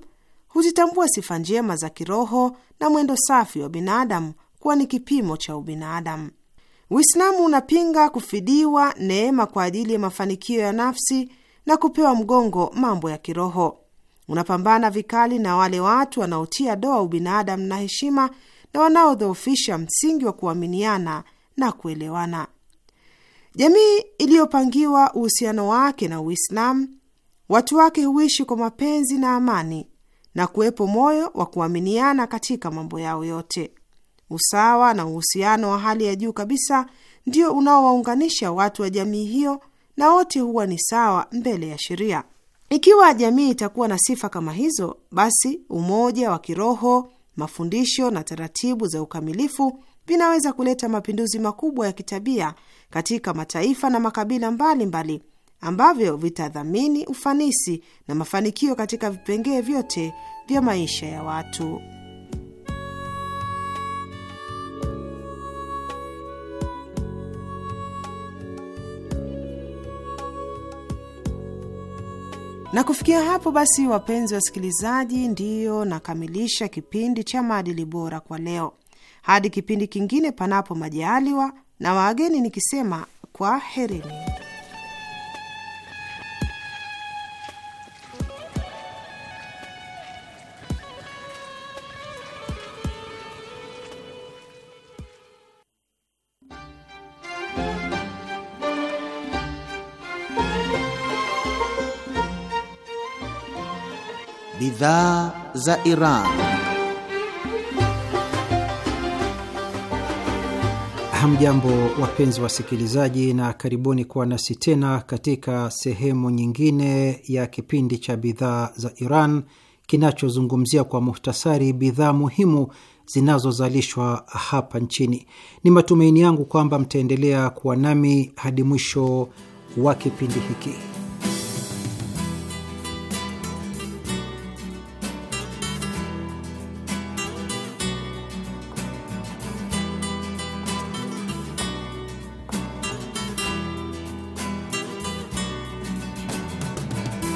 F: huzitambua sifa njema za kiroho na mwendo safi wa binadamu kuwa ni kipimo cha ubinadamu. Uislamu unapinga kufidiwa neema kwa ajili ya mafanikio ya nafsi na kupewa mgongo mambo ya kiroho unapambana vikali na wale watu wanaotia doa ubinadamu na heshima na wanaodhoofisha msingi wa kuaminiana na kuelewana. Jamii iliyopangiwa uhusiano wake na Uislamu, watu wake huishi kwa mapenzi na amani na kuwepo moyo wa kuaminiana katika mambo yao yote. Usawa na uhusiano wa hali ya juu kabisa ndio unaowaunganisha watu wa jamii hiyo, na wote huwa ni sawa mbele ya sheria. Ikiwa jamii itakuwa na sifa kama hizo, basi umoja wa kiroho, mafundisho na taratibu za ukamilifu vinaweza kuleta mapinduzi makubwa ya kitabia katika mataifa na makabila mbalimbali mbali, ambavyo vitadhamini ufanisi na mafanikio katika vipengee vyote vya maisha ya watu. Na kufikia hapo basi, wapenzi wasikilizaji, ndiyo nakamilisha kipindi cha maadili bora kwa leo. Hadi kipindi kingine, panapo majaliwa, na wageni nikisema kwa herini.
B: bidhaa za Iran. Hamjambo wapenzi wasikilizaji, na karibuni kuwa nasi tena katika sehemu nyingine ya kipindi cha bidhaa za Iran kinachozungumzia kwa muhtasari bidhaa muhimu zinazozalishwa hapa nchini. Ni matumaini yangu kwamba mtaendelea kuwa nami hadi mwisho wa kipindi hiki.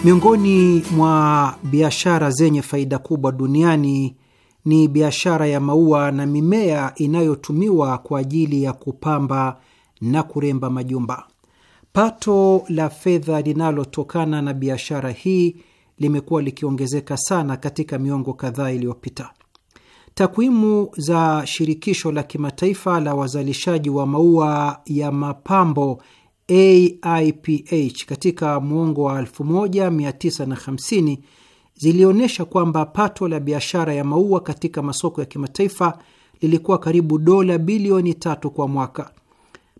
B: Miongoni mwa biashara zenye faida kubwa duniani ni biashara ya maua na mimea inayotumiwa kwa ajili ya kupamba na kuremba majumba. Pato la fedha linalotokana na biashara hii limekuwa likiongezeka sana katika miongo kadhaa iliyopita. Takwimu za shirikisho la kimataifa la wazalishaji wa maua ya mapambo AIPH katika mwongo wa 1950 zilionyesha kwamba pato la biashara ya maua katika masoko ya kimataifa lilikuwa karibu dola bilioni tatu kwa mwaka.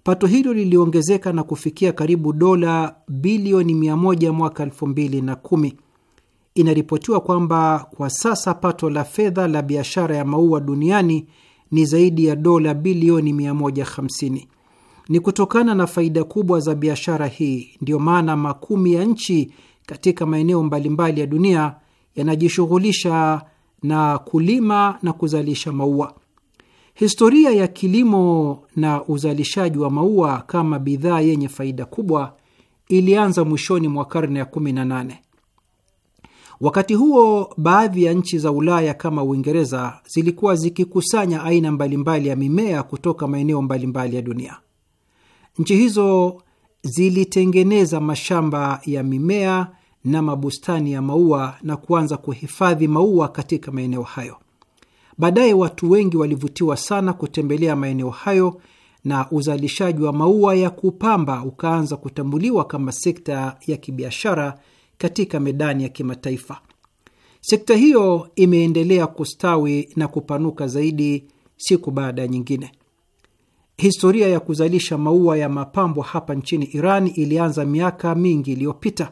B: Pato hilo liliongezeka na kufikia karibu dola bilioni 100 mwaka 2010. Inaripotiwa kwamba kwa sasa pato la fedha la biashara ya maua duniani ni zaidi ya dola bilioni 150. Ni kutokana na faida kubwa za biashara hii ndiyo maana makumi ya nchi katika maeneo mbalimbali ya dunia yanajishughulisha na kulima na kuzalisha maua. Historia ya kilimo na uzalishaji wa maua kama bidhaa yenye faida kubwa ilianza mwishoni mwa karne ya 18. Wakati huo baadhi ya nchi za Ulaya kama Uingereza zilikuwa zikikusanya aina mbalimbali ya mimea kutoka maeneo mbalimbali ya dunia. Nchi hizo zilitengeneza mashamba ya mimea na mabustani ya maua na kuanza kuhifadhi maua katika maeneo hayo. Baadaye watu wengi walivutiwa sana kutembelea maeneo hayo na uzalishaji wa maua ya kupamba ukaanza kutambuliwa kama sekta ya kibiashara katika medani ya kimataifa. Sekta hiyo imeendelea kustawi na kupanuka zaidi siku baada ya nyingine. Historia ya kuzalisha maua ya mapambo hapa nchini Iran ilianza miaka mingi iliyopita.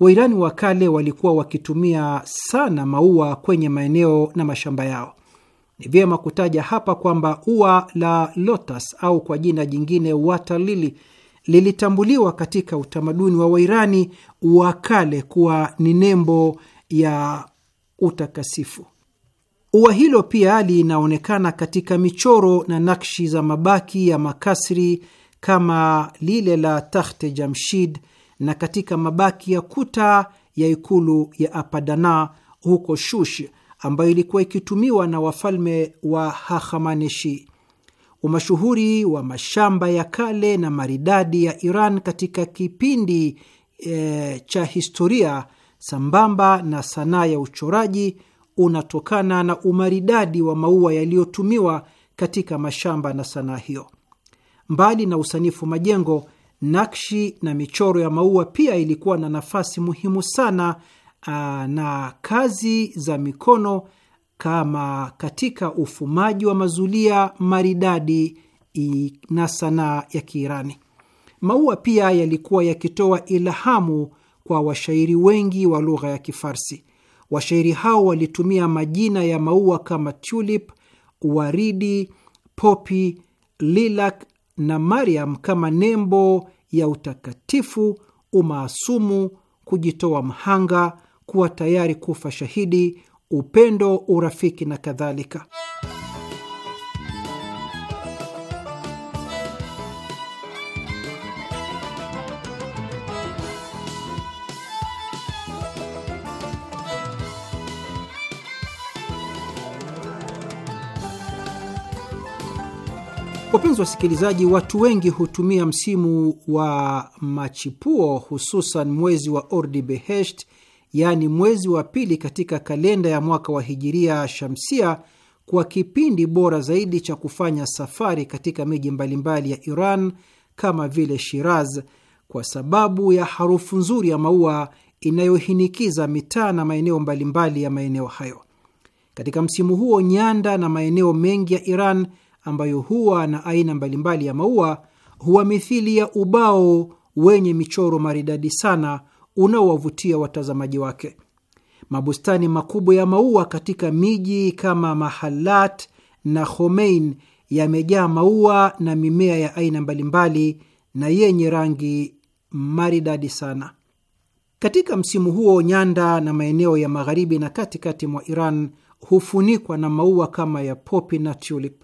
B: Wairani wa kale walikuwa wakitumia sana maua kwenye maeneo na mashamba yao. Ni vyema kutaja hapa kwamba ua la lotus au kwa jina jingine watalili lilitambuliwa katika utamaduni wa Wairani wa kale kuwa ni nembo ya utakasifu. Ua hilo pia linaonekana katika michoro na nakshi za mabaki ya makasri kama lile la tahte Jamshid na katika mabaki ya kuta ya ikulu ya Apadana huko Shush ambayo ilikuwa ikitumiwa na wafalme wa Hahamaneshi. Umashuhuri wa mashamba ya kale na maridadi ya Iran katika kipindi e, cha historia sambamba na sanaa ya uchoraji unatokana na umaridadi wa maua yaliyotumiwa katika mashamba na sanaa hiyo. Mbali na usanifu majengo, nakshi na michoro ya maua pia ilikuwa na nafasi muhimu sana aa, na kazi za mikono kama katika ufumaji wa mazulia maridadi na sanaa ya Kiirani. Maua pia yalikuwa yakitoa ilhamu kwa washairi wengi wa lugha ya Kifarsi. Washairi hao walitumia majina ya maua kama tulip, waridi, popi, lilac na Mariam kama nembo ya utakatifu, umaasumu, kujitoa mhanga, kuwa tayari kufa shahidi, upendo, urafiki na kadhalika. Wapenzi wasikilizaji, watu wengi hutumia msimu wa machipuo, hususan mwezi wa Ordi Behesht, yaani mwezi wa pili katika kalenda ya mwaka wa Hijiria Shamsia, kwa kipindi bora zaidi cha kufanya safari katika miji mbalimbali ya Iran kama vile Shiraz, kwa sababu ya harufu nzuri ya maua inayohinikiza mitaa na maeneo mbalimbali ya maeneo hayo. Katika msimu huo, nyanda na maeneo mengi ya Iran ambayo huwa na aina mbalimbali ya maua huwa mithili ya ubao wenye michoro maridadi sana unaowavutia watazamaji wake. Mabustani makubwa ya maua katika miji kama Mahalat na Khomein yamejaa maua na mimea ya aina mbalimbali na yenye rangi maridadi sana. Katika msimu huo, nyanda na maeneo ya magharibi na katikati mwa Iran hufunikwa na maua kama ya popi na tulip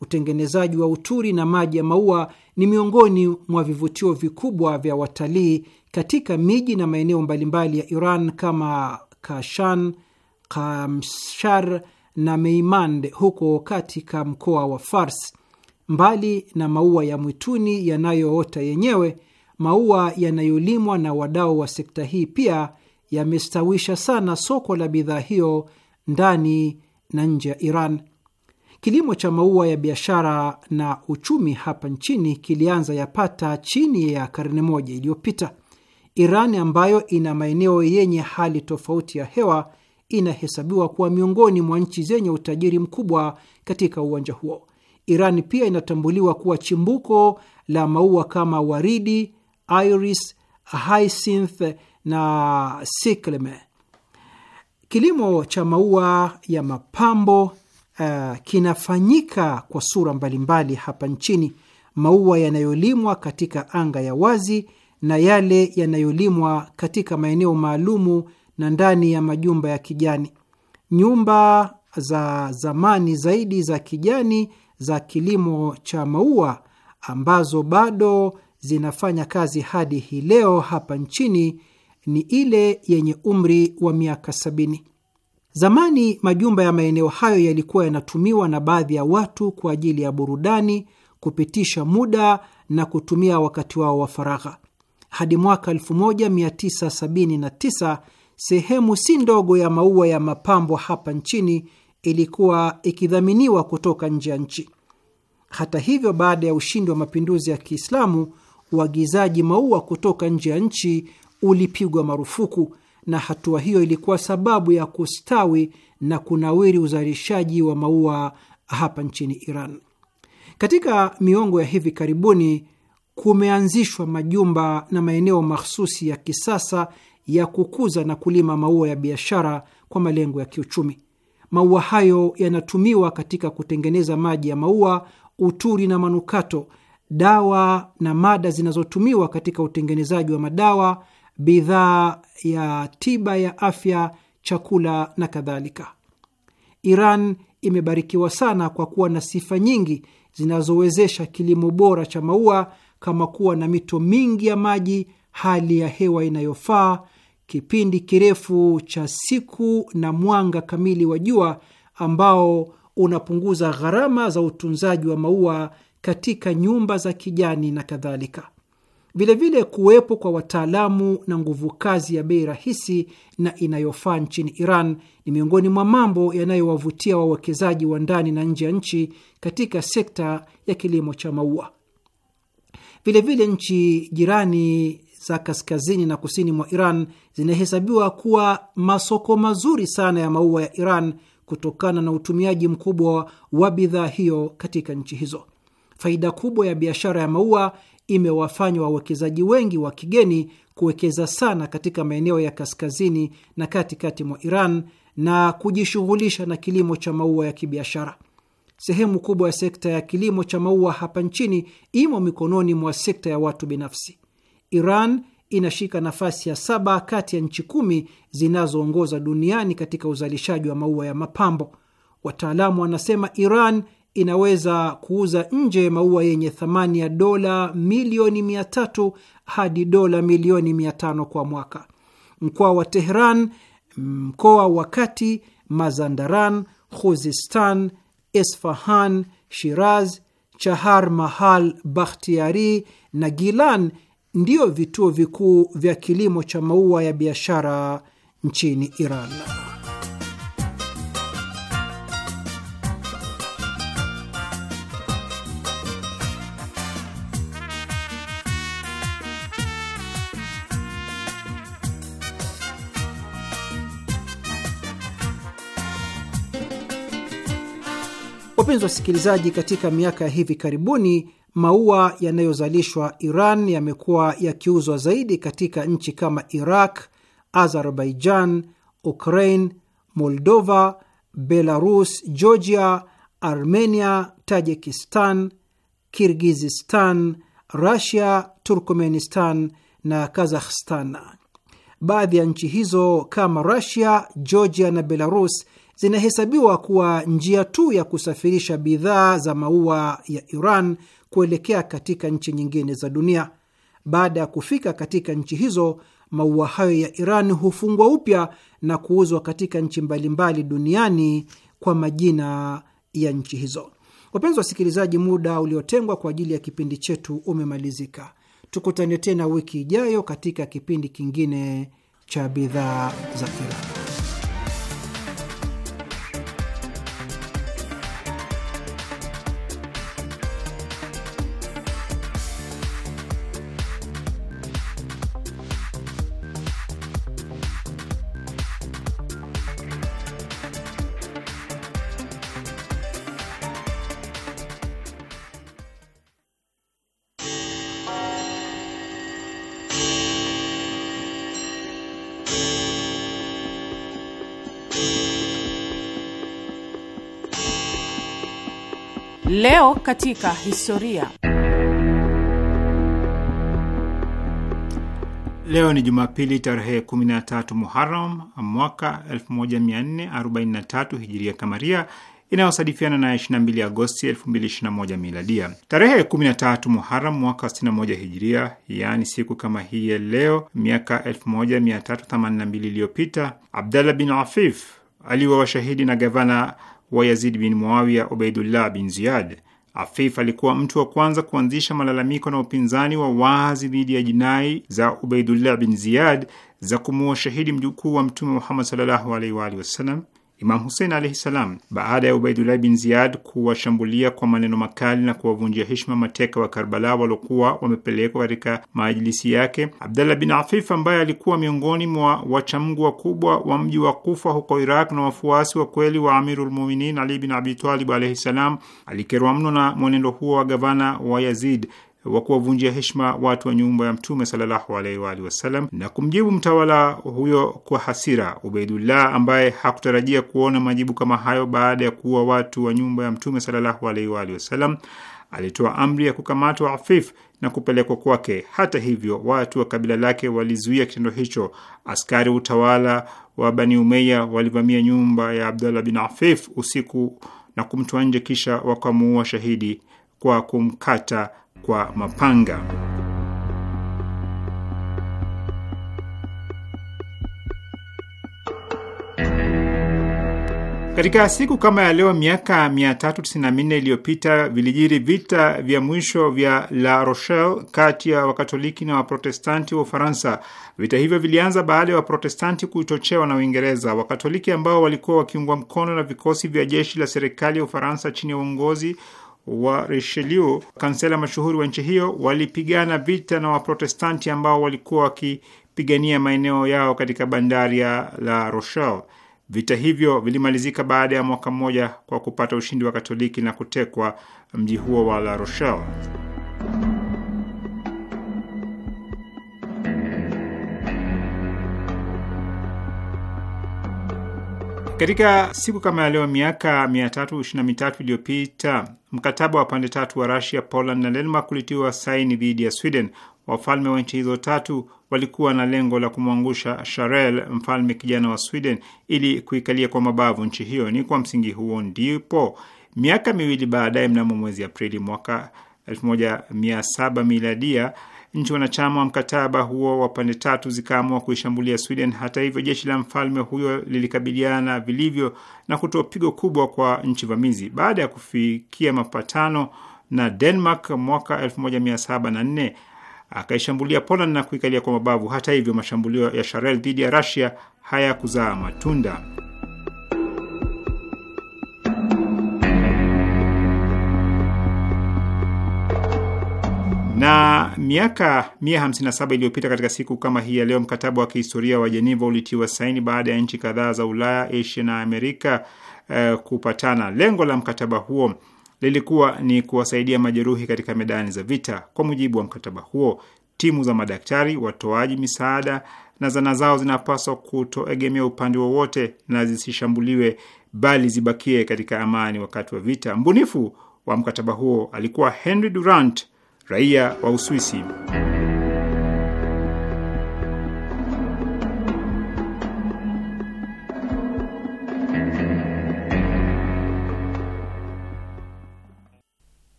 B: utengenezaji wa uturi na maji ya maua ni miongoni mwa vivutio vikubwa vya watalii katika miji na maeneo mbalimbali ya Iran kama Kashan, Kamshar na Meimand huko katika mkoa wa Fars. Mbali na maua ya mwituni yanayoota yenyewe, maua yanayolimwa na wadau wa sekta hii pia yamestawisha sana soko la bidhaa hiyo ndani na nje ya Iran. Kilimo cha maua ya biashara na uchumi hapa nchini kilianza yapata chini ya karne moja iliyopita. Iran ambayo ina maeneo yenye hali tofauti ya hewa inahesabiwa kuwa miongoni mwa nchi zenye utajiri mkubwa katika uwanja huo. Iran pia inatambuliwa kuwa chimbuko la maua kama waridi, iris, hyacinth na sikleme. Kilimo cha maua ya mapambo uh, kinafanyika kwa sura mbalimbali hapa nchini: maua yanayolimwa katika anga ya wazi na yale yanayolimwa katika maeneo maalumu na ndani ya majumba ya kijani. Nyumba za zamani zaidi za kijani za kilimo cha maua ambazo bado zinafanya kazi hadi hii leo hapa nchini ni ile yenye umri wa miaka sabini. Zamani majumba ya maeneo hayo yalikuwa yanatumiwa na baadhi ya watu kwa ajili ya burudani, kupitisha muda na kutumia wakati wao wa faragha. Hadi mwaka 1979 sehemu si ndogo ya maua ya mapambo hapa nchini ilikuwa ikidhaminiwa kutoka nje ya nchi. Hata hivyo, baada ya ushindi wa mapinduzi ya Kiislamu, uagizaji maua kutoka nje ya nchi ulipigwa marufuku na hatua hiyo ilikuwa sababu ya kustawi na kunawiri uzalishaji wa maua hapa nchini Iran. Katika miongo ya hivi karibuni kumeanzishwa majumba na maeneo mahsusi ya kisasa ya kukuza na kulima maua ya biashara kwa malengo ya kiuchumi. Maua hayo yanatumiwa katika kutengeneza maji ya maua, uturi na manukato, dawa na mada zinazotumiwa katika utengenezaji wa madawa bidhaa ya tiba ya afya, chakula na kadhalika. Iran imebarikiwa sana kwa kuwa na sifa nyingi zinazowezesha kilimo bora cha maua kama kuwa na mito mingi ya maji, hali ya hewa inayofaa, kipindi kirefu cha siku na mwanga kamili wa jua ambao unapunguza gharama za utunzaji wa maua katika nyumba za kijani na kadhalika vilevile kuwepo kwa wataalamu na nguvu kazi ya bei rahisi na inayofaa nchini Iran ni miongoni mwa mambo yanayowavutia wawekezaji wa ndani na nje ya nchi katika sekta ya kilimo cha maua. Vilevile nchi jirani za kaskazini na kusini mwa Iran zinahesabiwa kuwa masoko mazuri sana ya maua ya Iran kutokana na utumiaji mkubwa wa bidhaa hiyo katika nchi hizo. Faida kubwa ya biashara ya maua imewafanya wawekezaji wengi wa kigeni kuwekeza sana katika maeneo ya kaskazini na katikati mwa Iran na kujishughulisha na kilimo cha maua ya kibiashara. Sehemu kubwa ya sekta ya kilimo cha maua hapa nchini imo mikononi mwa sekta ya watu binafsi. Iran inashika nafasi ya saba kati ya nchi kumi zinazoongoza duniani katika uzalishaji wa maua ya mapambo. Wataalamu wanasema Iran inaweza kuuza nje maua yenye thamani ya dola milioni mia tatu hadi dola milioni mia tano kwa mwaka. Mkoa wa Tehran, mkoa wa kati, Mazandaran, Khuzistan, Esfahan, Shiraz, Chahar Mahal, Bakhtiari na Gilan ndiyo vituo vikuu vya kilimo cha maua ya biashara nchini Iran. Wapenzi wasikilizaji, katika miaka ya hivi karibuni maua yanayozalishwa Iran yamekuwa yakiuzwa zaidi katika nchi kama Iraq, Azerbaijan, Ukraine, Moldova, Belarus, Georgia, Armenia, Tajikistan, Kirgizistan, Rusia, Turkmenistan na Kazakhstan. Baadhi ya nchi hizo kama Rusia, Georgia na Belarus zinahesabiwa kuwa njia tu ya kusafirisha bidhaa za maua ya Iran kuelekea katika nchi nyingine za dunia. Baada ya kufika katika nchi hizo, maua hayo ya Iran hufungwa upya na kuuzwa katika nchi mbalimbali duniani kwa majina ya nchi hizo. Wapenzi wasikilizaji, muda uliotengwa kwa ajili ya kipindi chetu umemalizika. Tukutane tena wiki ijayo katika kipindi kingine cha bidhaa za Iran.
F: Leo katika historia.
A: Leo ni Jumapili tarehe 13 Muharam mwaka 1443 hijiria kamaria inayosadifiana na 22 Agosti 2021 miladia. Tarehe 13 Muharam mwaka 61 hijiria, yaani siku kama hii ya leo miaka 1382 iliyopita, Abdallah bin Afif aliwa washahidi na gavana wa Yazid bin Muawiya, Ubaidullah bin Ziyad. Afif alikuwa mtu wa kwanza kuanzisha malalamiko na upinzani wa wazi dhidi ya jinai za Ubaidullah bin Ziyad za kumuua shahidi mjukuu wa Mtume Muhammad sallallahu alaihi wa alihi wasallam Imam Husein alaihi salam, baada ya Ubaidullah bin Ziyad kuwashambulia kwa maneno makali na kuwavunjia heshima mateka wa Karbala waliokuwa wamepelekwa katika maajilisi yake, Abdallah bin Afif ambaye alikuwa miongoni mwa wachamgu wakubwa wa mji wa Kufa huko Iraq na wafuasi wa kweli wa Amirulmuminin Ali bin Abitalib alaihi salam, alikerwa mno na mwenendo huo wa gavana wa Yazid wa kuwavunjia heshima watu wa nyumba ya Mtume sallallahu alaihi wa alihi wasallam na kumjibu mtawala huyo kwa hasira. Ubeidullah ambaye hakutarajia kuona majibu kama hayo baada ya kuua watu wa nyumba ya Mtume sallallahu alaihi wa alihi wasallam alitoa amri ya kukamatwa Afif na kupelekwa kwake. Hata hivyo, watu wa kabila lake walizuia kitendo hicho. Askari utawala wa Bani Umeya walivamia nyumba ya Abdullah bin Afif usiku na kumtoa nje, kisha wakamuua shahidi kwa kumkata kwa mapanga. Katika siku kama ya leo miaka 394 iliyopita vilijiri vita vya mwisho vya La Rochelle kati ya Wakatoliki na Waprotestanti wa Ufaransa. Vita hivyo vilianza baada ya Waprotestanti kuchochewa na Uingereza. Wakatoliki ambao walikuwa wakiungwa mkono na vikosi vya jeshi la serikali ya Ufaransa chini ya uongozi wa Richelieu, kansela mashuhuri wa nchi hiyo, walipigana vita na Waprotestanti ambao walikuwa wakipigania maeneo yao katika bandari ya La Rochelle. Vita hivyo vilimalizika baada ya mwaka mmoja kwa kupata ushindi wa Katoliki na kutekwa mji huo wa La Rochelle. Katika siku kama ya leo miaka 323 iliyopita mkataba wa pande tatu wa Rusia, Poland na Denmark ulitiwa saini dhidi ya Sweden. Wafalme wa nchi hizo tatu walikuwa na lengo la kumwangusha Sharel, mfalme kijana wa Sweden, ili kuikalia kwa mabavu nchi hiyo. Ni kwa msingi huo ndipo miaka miwili baadaye, mnamo mwezi Aprili mwaka 1700 miladia Nchi wanachama wa mkataba huo wa pande tatu zikaamua kuishambulia Sweden. Hata hivyo, jeshi la mfalme huyo lilikabiliana vilivyo na kutoa pigo kubwa kwa nchi vamizi. Baada ya kufikia mapatano na Denmark mwaka 1704 akaishambulia Poland na kuikalia kwa mabavu. Hata hivyo, mashambulio ya Sharel dhidi ya Russia hayakuzaa matunda. Na miaka 157 iliyopita katika siku kama hii ya leo, mkataba wa kihistoria wa Jeneva ulitiwa saini baada ya nchi kadhaa za Ulaya, Asia na Amerika eh, kupatana. Lengo la mkataba huo lilikuwa ni kuwasaidia majeruhi katika medani za vita. Kwa mujibu wa mkataba huo, timu za madaktari, watoaji misaada na zana zao zinapaswa kutoegemea upande wowote na zisishambuliwe, bali zibakie katika amani wakati wa vita. Mbunifu wa mkataba huo alikuwa Henry Durant raia wa Uswisi.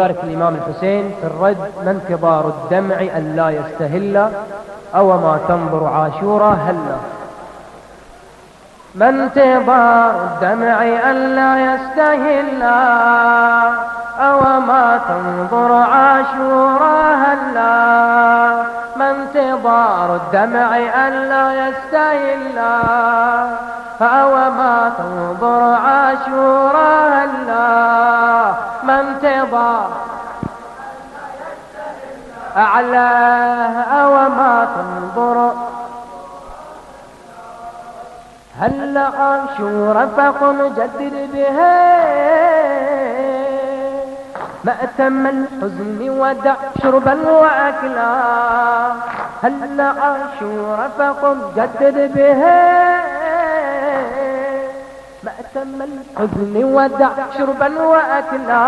G: شارك الإمام الحسين في الرد ما انتظار الدمع أن لا يستهل أو ما تنظر عاشورا هلا ما انتظار الدمع أن لا يستهل أوما تنظر عاشورا هلا ما انتظار الدمع ألا يستهلا أوما تنظر عاشورا هلا ما انتظار أعلاه أوما تنظر هلا عاشورا فقم جدد بهي مأتم الحزن ودع شربا وأكلا هل عاشور فقم جدد به مأتم الحزن ودع شربا وأكلا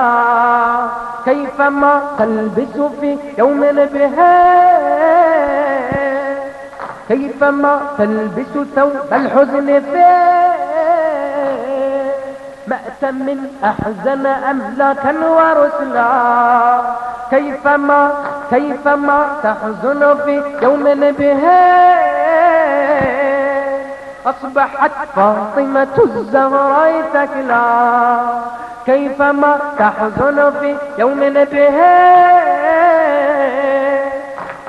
G: كيفما تلبس في يوم بها كيفما تلبس ثوب الحزن فيه مأتم أحزن أملاكا ورسلا كيفما كيفما تحزن في يوم به أصبحت فاطمة الزهراء تكلا كيفما تحزن في يوم به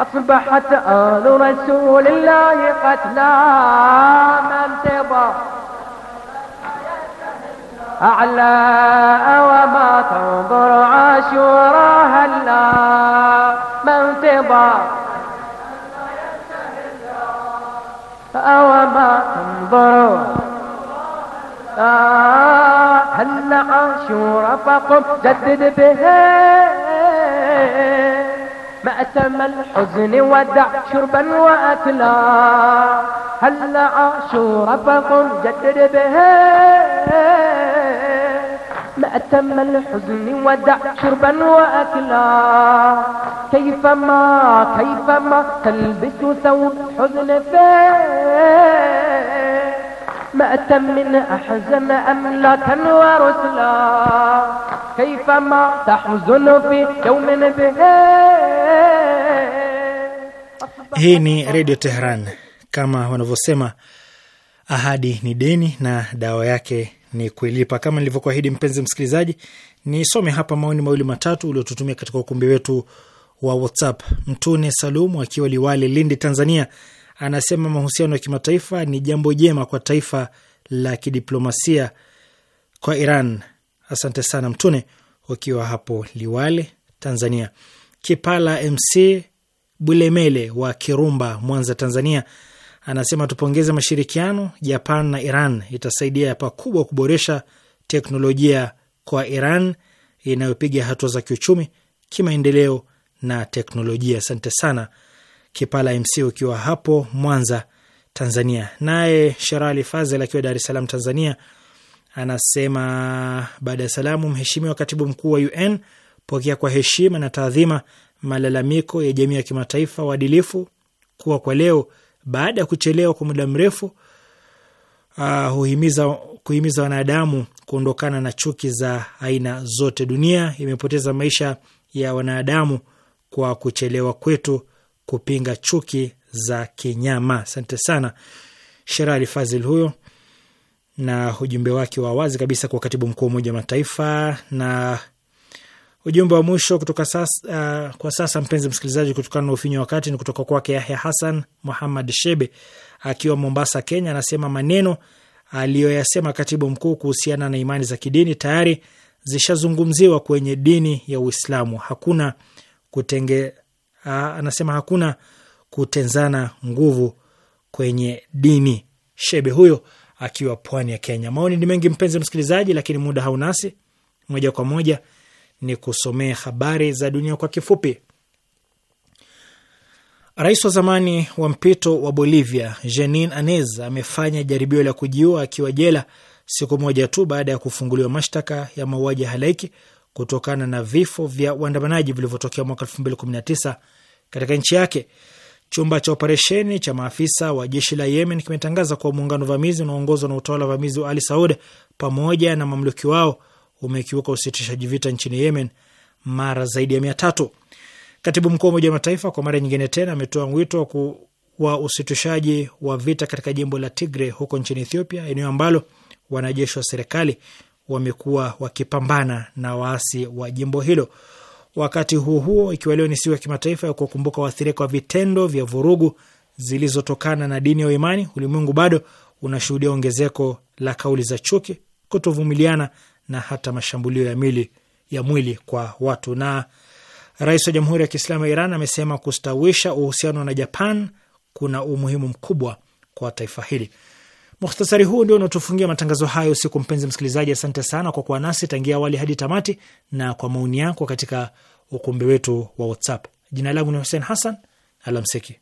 G: أصبحت آل رسول الله قتلا من تبا أعلى وما تنظر عاشورا هلا منتظر أو ما تنظر هلا عاشورا فقم جدد به مأتم الحزن ودع شربا وأكلا هلا عاشورا فقم جدد به ما أتم الحزن ودع شربا وأكلا كيفما كيفما تلبس ثوب حزن فيه أتم من أحزن أملاكا ورسلا كيفما تحزن في يوم به
D: هيني راديو تهران كما Kama wanavyosema ahadi ni deni na ni kuilipa. Kama nilivyokuahidi, mpenzi msikilizaji, nisome hapa maoni mawili matatu uliotutumia katika ukumbi wetu wa WhatsApp. Mtune Salumu akiwa Liwale, Lindi, Tanzania, anasema mahusiano ya kimataifa ni jambo jema kwa taifa la kidiplomasia kwa Iran. Asante sana Mtune ukiwa hapo Liwale, Tanzania. Kipala MC Bulemele wa Kirumba, Mwanza, Tanzania anasema tupongeze mashirikiano Japan na Iran itasaidia pakubwa kuboresha teknolojia kwa Iran inayopiga hatua za kiuchumi, kimaendeleo na teknolojia. Asante sana Kipala MC ukiwa hapo Mwanza, Tanzania. Naye Sherali Fazel akiwa Dar es Salaam, Tanzania, anasema baada ya salamu, Mheshimiwa Katibu Mkuu wa UN, pokea kwa heshima na taadhima malalamiko ya jamii ya kimataifa waadilifu kuwa kwa leo baada ya kuchelewa kwa muda mrefu uh, huhimiza, kuhimiza wanadamu kuondokana na chuki za aina zote. Dunia imepoteza maisha ya wanadamu kwa kuchelewa kwetu kupinga chuki za kinyama. Asante sana Sherali Fazil huyo na ujumbe wake wa wazi kabisa kwa katibu mkuu wa Umoja wa Mataifa na Ujumbe wa mwisho kutoka sasa, uh, kwa sasa mpenzi msikilizaji, kutokana na ufinyo wakati ni kutoka kwake Yahya Hassan Muhammad Shebe akiwa Mombasa, Kenya. Anasema maneno aliyoyasema katibu mkuu kuhusiana na imani za kidini tayari zishazungumziwa kwenye dini ya Uislamu. Hakuna kutenge, uh, anasema hakuna kutenzana nguvu kwenye dini. Shebe huyo akiwa pwani ya Kenya. Maoni ni mengi mpenzi msikilizaji, lakini muda haunasi moja kwa moja ni kusomea habari za dunia kwa kifupi. Rais wa zamani wa mpito wa Bolivia Jeanine Anez amefanya jaribio la kujiua akiwa jela siku moja tu baada ya kufunguliwa mashtaka ya mauaji ya halaiki kutokana na vifo vya waandamanaji vilivyotokea mwaka 2019 katika nchi yake. Chumba cha operesheni cha maafisa wa jeshi la Yemen kimetangaza kuwa muungano vamizi unaoongozwa na utawala vamizi wa Ali Saud pamoja na mamluki wao umekiuka usitishaji vita nchini Yemen mara zaidi ya mia tatu. Katibu mkuu wa Umoja wa Mataifa kwa mara nyingine tena ametoa wito wa usitishaji wa vita katika jimbo la Tigre huko nchini Ethiopia, eneo ambalo wanajeshi wa serikali wamekuwa wakipambana na waasi wa jimbo hilo. Wakati huo huo, ikiwa leo ni siku ya kimataifa ya kuwakumbuka waathirika wa vitendo vya vurugu zilizotokana na dini ya imani, ulimwengu bado unashuhudia ongezeko la kauli za chuki, kutovumiliana na hata mashambulio ya mili ya mwili kwa watu. Na rais wa Jamhuri ya Kiislamu ya Iran amesema kustawisha uhusiano na Japan kuna umuhimu mkubwa kwa taifa hili. Mukhtasari huu ndio unaotufungia matangazo hayo usiku. Mpenzi msikilizaji, asante sana kwa kuwa nasi tangia awali hadi tamati na kwa maoni yako katika ukumbi wetu wa WhatsApp. Jina langu ni Hussein Hassan, alamsiki.